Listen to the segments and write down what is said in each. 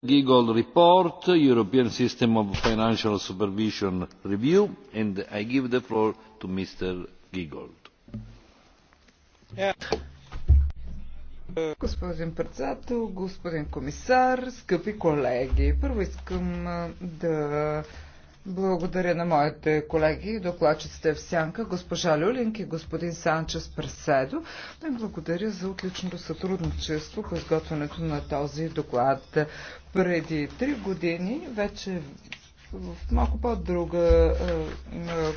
giegold report european system of financial supervision review and i give the floor to mr giegold. Господин председател, господин комисар, скъпи колеги! Първо искам да благодаря на моите колеги, докладчиците в Сянка, госпожа Люлинг и господин Санчес Преседо. Да благодаря за отличното сътрудничество по изготвянето на този доклад. Преди три години вече в малко по-друга е,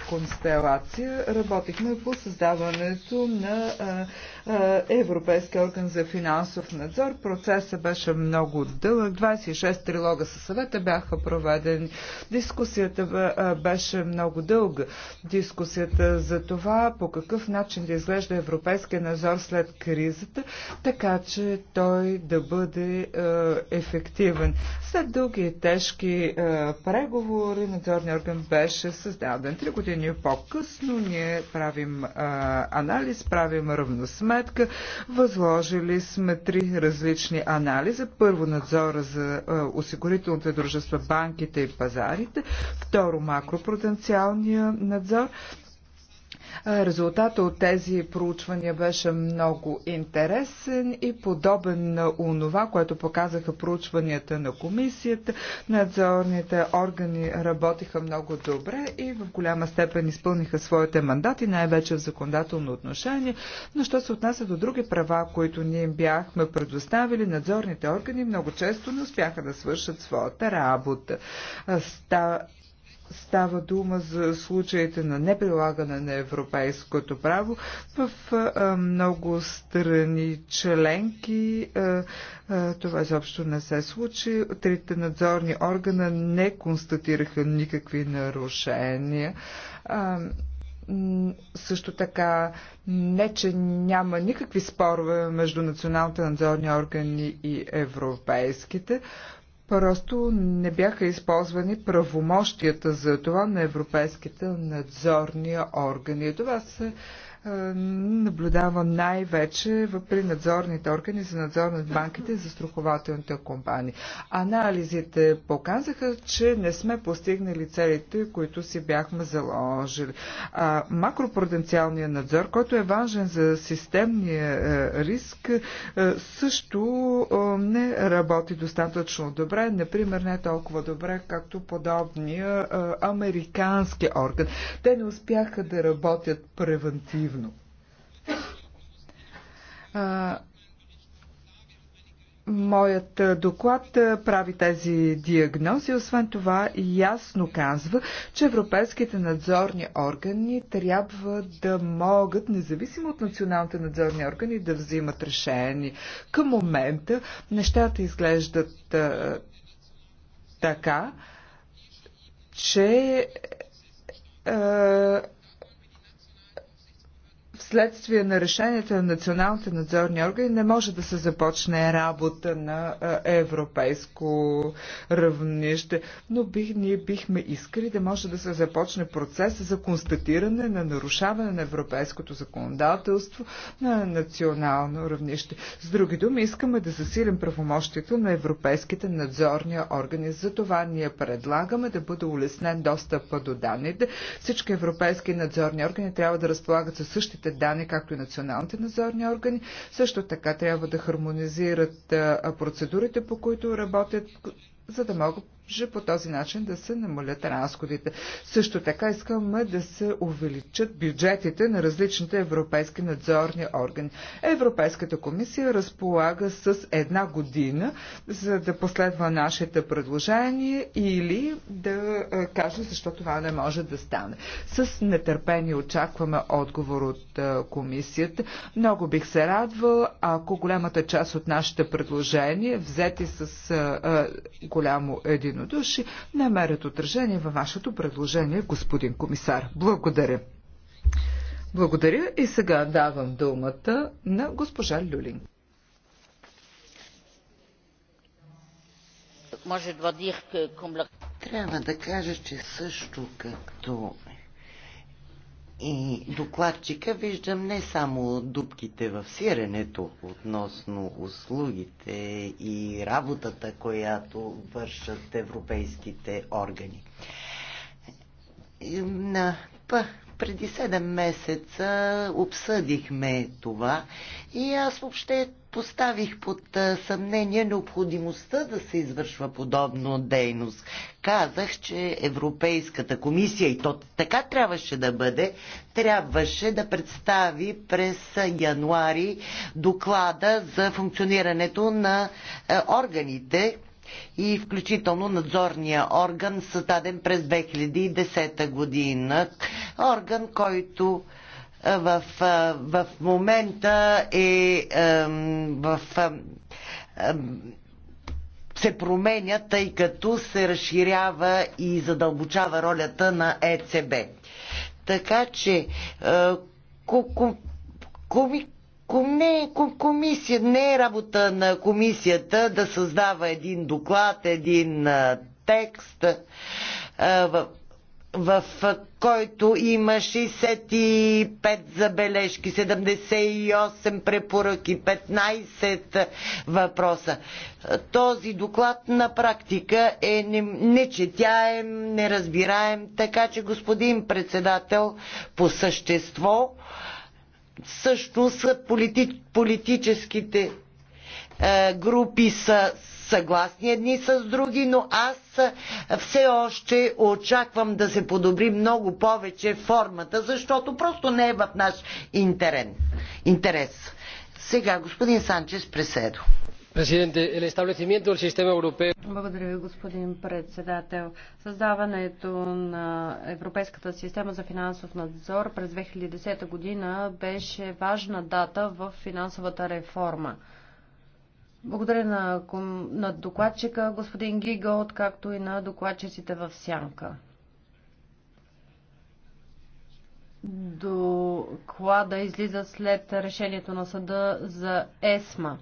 констелация работихме по създаването на е, е, европейския орган за финансов надзор. Процесът беше много дълъг. 26 трилога със съвета бяха проведени. Дискусията е, беше много дълга. Дискусията за това по какъв начин да изглежда европейския надзор след кризата, така че той да бъде е, ефективен. След дълги и тежки преговори надзорният орган беше създаден. Три години по-късно ние правим анализ, правим равносметка сметка. Възложили сме три различни анализа. Първо надзора за осигурителните дружества, банките и пазарите. Второ макропруденциалния надзор Резултата от тези проучвания беше много интересен и подобен на онова, което показаха проучванията на комисията. Надзорните органи работиха много добре и в голяма степен изпълниха своите мандати, най-вече в законодателно отношение. Но що се отнася до други права, които ние им бяхме предоставили, надзорните органи много често не успяха да свършат своята работа става дума за случаите на неприлагане на европейското право в много страни членки. Това изобщо не се случи. Трите надзорни органа не констатираха никакви нарушения също така не, че няма никакви спорове между националните надзорни органи и европейските. Просто не бяха използвани правомощията за това на европейските надзорни органи. Това са е, наблюдава най-вече при надзорните органи за надзор над банките и за страхователните компании. Анализите показаха, че не сме постигнали целите, които си бяхме заложили. А, макропруденциалният надзор, който е важен за системния е, риск, е, също не работи достатъчно добре. Например, не толкова добре, както подобния американски орган. Те не успяха да работят превентивно а, Моят доклад прави тези диагнози, освен това ясно казва, че европейските надзорни органи трябва да могат, независимо от националните надзорни органи, да взимат решение. Към момента нещата изглеждат а, така, че а, Следствие на решенията на националните надзорни органи не може да се започне работа на европейско равнище, но бих, ние бихме искали да може да се започне процес за констатиране на нарушаване на европейското законодателство на национално равнище. С други думи, искаме да засилим правомощието на европейските надзорни органи. За това ние предлагаме да бъде улеснен достъпа до данните. Всички европейски надзорни органи трябва да разполагат със същите данни, както и националните надзорни органи. Също така трябва да хармонизират процедурите, по които работят, за да могат може по този начин да се намалят разходите. Също така искаме да се увеличат бюджетите на различните европейски надзорни органи. Европейската комисия разполага с една година, за да последва нашите предложения или да е, каже защо това не може да стане. С нетърпение очакваме отговор от е, комисията. Много бих се радвал, ако голямата част от нашите предложения, взети с е, голямо един единодуши намерят отражение във вашето предложение, господин комисар. Благодаря. Благодаря и сега давам думата на госпожа Люлин. Трябва да кажа, че също като и докладчика виждам не само дубките в сиренето относно услугите и работата, която вършат европейските органи. На преди 7 месеца обсъдихме това и аз въобще поставих под съмнение необходимостта да се извършва подобно дейност. Казах, че Европейската комисия, и то така трябваше да бъде, трябваше да представи през януари доклада за функционирането на органите, и включително надзорния орган, създаден през 2010 година. Орган, който е, в, е, в момента е, е в се променя, тъй като се разширява и задълбочава ролята на ЕЦБ. Така че не, комисия, не е работа на комисията да създава един доклад, един текст, в, в който има 65 забележки, 78 препоръки, 15 въпроса. Този доклад на практика е нечетяем, неразбираем, така че господин председател по същество също са полити, политическите е, групи са съгласни едни с други, но аз е, все още очаквам да се подобри много повече формата, защото просто не е в наш интерес. Сега господин Санчес Преседо. Благодаря ви, господин председател. Създаването на Европейската система за финансов надзор през 2010 година беше важна дата в финансовата реформа. Благодаря на, на докладчика господин Гиголд, както и на докладчиците в Сянка. Доклада излиза след решението на съда за ЕСМА.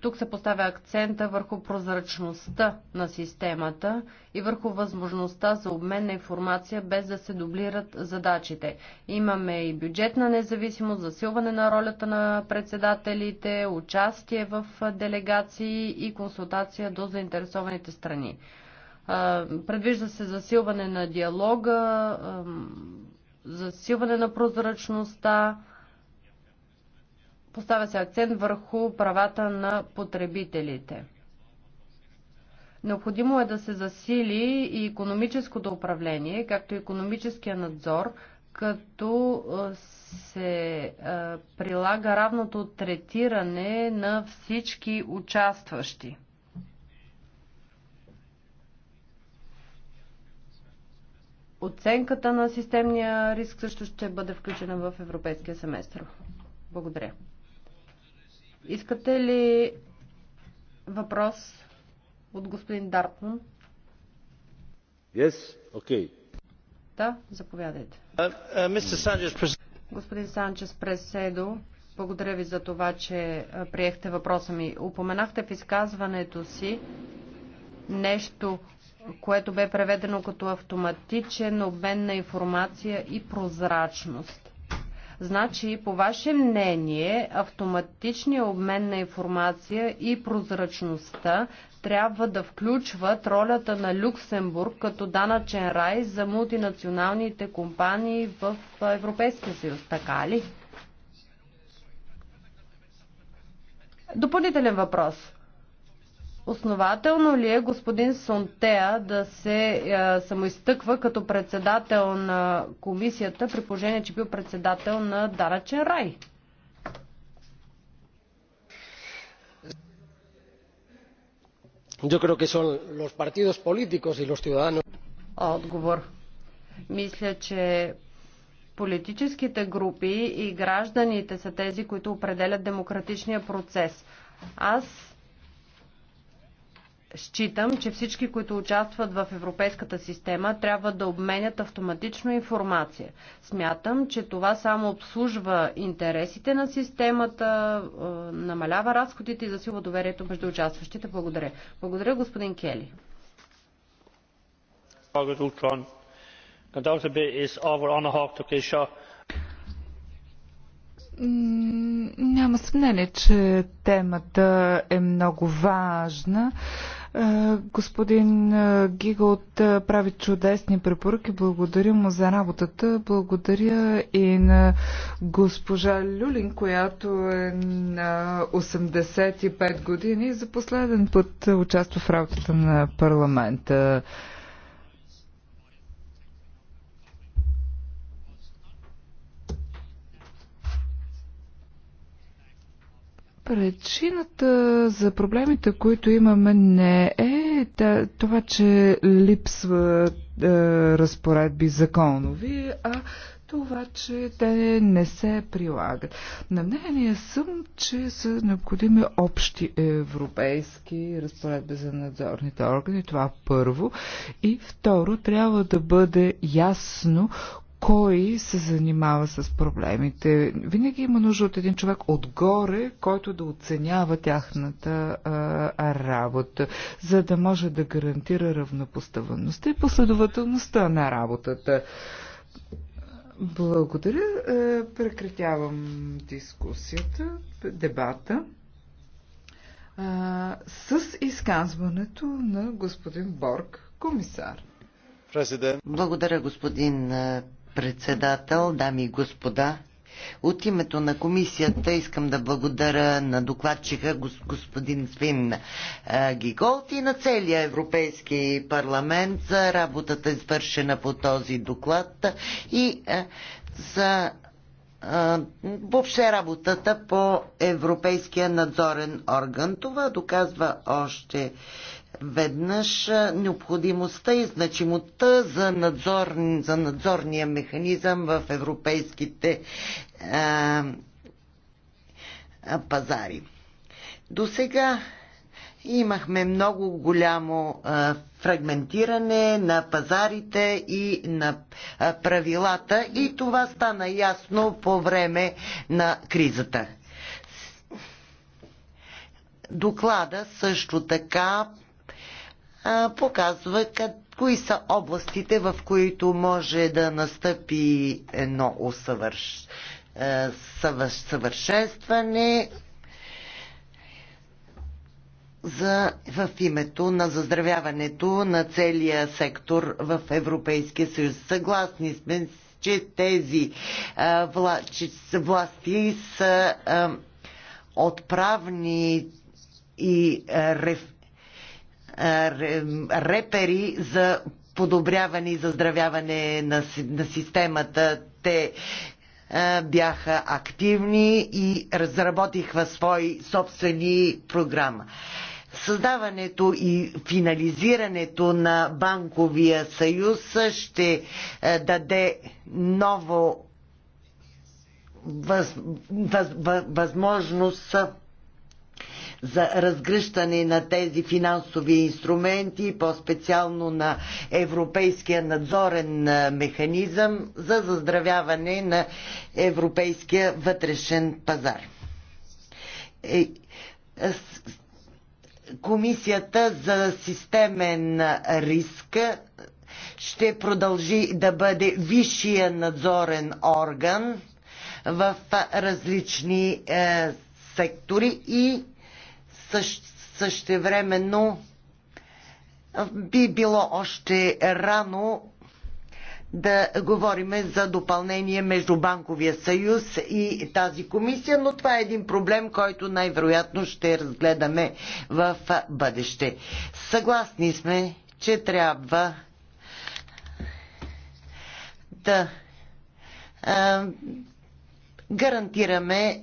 Тук се поставя акцента върху прозрачността на системата и върху възможността за обмен на информация без да се дублират задачите. Имаме и бюджетна независимост, засилване на ролята на председателите, участие в делегации и консултация до заинтересованите страни. Предвижда се засилване на диалога, засилване на прозрачността, Поставя се акцент върху правата на потребителите. Необходимо е да се засили и економическото управление, както и економическия надзор, като се прилага равното третиране на всички участващи. Оценката на системния риск също ще бъде включена в европейския семестър. Благодаря. Искате ли въпрос от господин Дартман? Yes, okay. Да, заповядайте. Uh, uh, Sanchez... Господин Санчес Преседо, благодаря ви за това, че приехте въпроса ми. Упоменахте в изказването си нещо, което бе преведено като автоматичен обмен на информация и прозрачност. Значи, по ваше мнение, автоматичният обмен на информация и прозрачността трябва да включват ролята на Люксембург като данъчен рай за мултинационалните компании в Европейския съюз. Така ли? Допълнителен въпрос. Основателно ли е господин Сонтея да се е, самоизтъква като председател на комисията, при положение, че бил председател на Дарачен рай? Yo creo que son los partidos políticos y los ciudadanos. Отговор. Мисля, че политическите групи и гражданите са тези, които определят демократичния процес. Аз Считам, че всички, които участват в европейската система, трябва да обменят автоматично информация. Смятам, че това само обслужва интересите на системата, е, намалява разходите и засилва доверието между участващите. Благодаря. Благодаря, господин Кели. Няма съмнение, че темата е много важна. Е, господин е, Гигалт прави чудесни препоръки. Благодаря му за работата. Благодаря и на госпожа Люлин, която е на 85 години и за последен път участва в работата на парламента. Причината за проблемите, които имаме, не е това, че липсва да, е, разпоредби законови, а това, че те не се прилагат. На мнение съм, че са необходими общи европейски разпоредби за надзорните органи. Това първо. И второ, трябва да бъде ясно кой се занимава с проблемите. Винаги има нужда от един човек отгоре, който да оценява тяхната а, работа, за да може да гарантира равнопоставеността и последователността на работата. Благодаря. Прекратявам дискусията, дебата а, с изказването на господин Борг, комисар. Президент. Благодаря, господин председател, дами и господа. От името на комисията искам да благодаря на докладчика господин Свин Гиголт и на целия Европейски парламент за работата извършена по този доклад и за въобще работата по Европейския надзорен орган. Това доказва още веднъж необходимостта и значимостта за, надзор, за надзорния механизъм в европейските а, а, пазари. До сега имахме много голямо а, фрагментиране на пазарите и на а, правилата и това стана ясно по време на кризата. Доклада също така показва къд, кои са областите, в които може да настъпи едно усъвърш, е, съвърш, съвършенстване за, в името на заздравяването на целия сектор в Европейския съюз. Съгласни сме, че тези а, вла, че власти са а, отправни и а, реф, е, репери за подобряване и заздравяване на, на системата. Те е, бяха активни и разработиха свои собствени програма. Създаването и финализирането на банковия съюз ще е, даде ново въз, въз, въз, възможност за разгръщане на тези финансови инструменти, по-специално на Европейския надзорен механизъм за заздравяване на Европейския вътрешен пазар. Е, комисията за системен риск ще продължи да бъде висшия надзорен орган в различни е, сектори и Същ, същевременно би било още рано да говорим за допълнение между Банковия съюз и тази комисия, но това е един проблем, който най-вероятно ще разгледаме в бъдеще. Съгласни сме, че трябва да гарантираме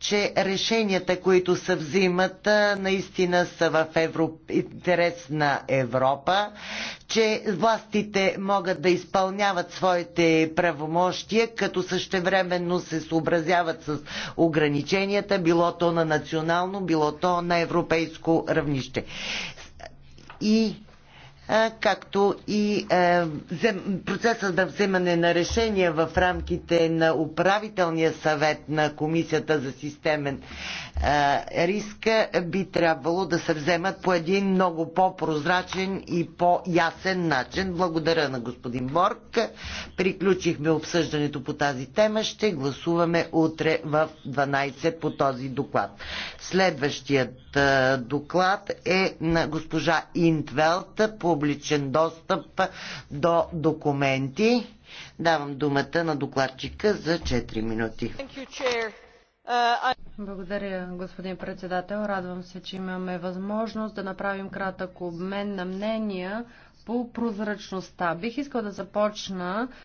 че решенията, които се взимат, наистина са в Евро... интерес на Европа, че властите могат да изпълняват своите правомощия, като същевременно се съобразяват с ограниченията, било то на национално, било то на европейско равнище. И както и процесът на вземане на решения в рамките на управителния съвет на Комисията за системен риск би трябвало да се вземат по един много по-прозрачен и по-ясен начин. Благодаря на господин Борг. Приключихме обсъждането по тази тема. Ще гласуваме утре в 12 по този доклад. Следващият доклад е на госпожа Интвелт по публичен достъп до документи. Давам думата на докладчика за 4 минути. Uh, Благодаря, господин председател. Радвам се, че имаме възможност да направим кратък обмен на мнения по прозрачността. Бих искал да започна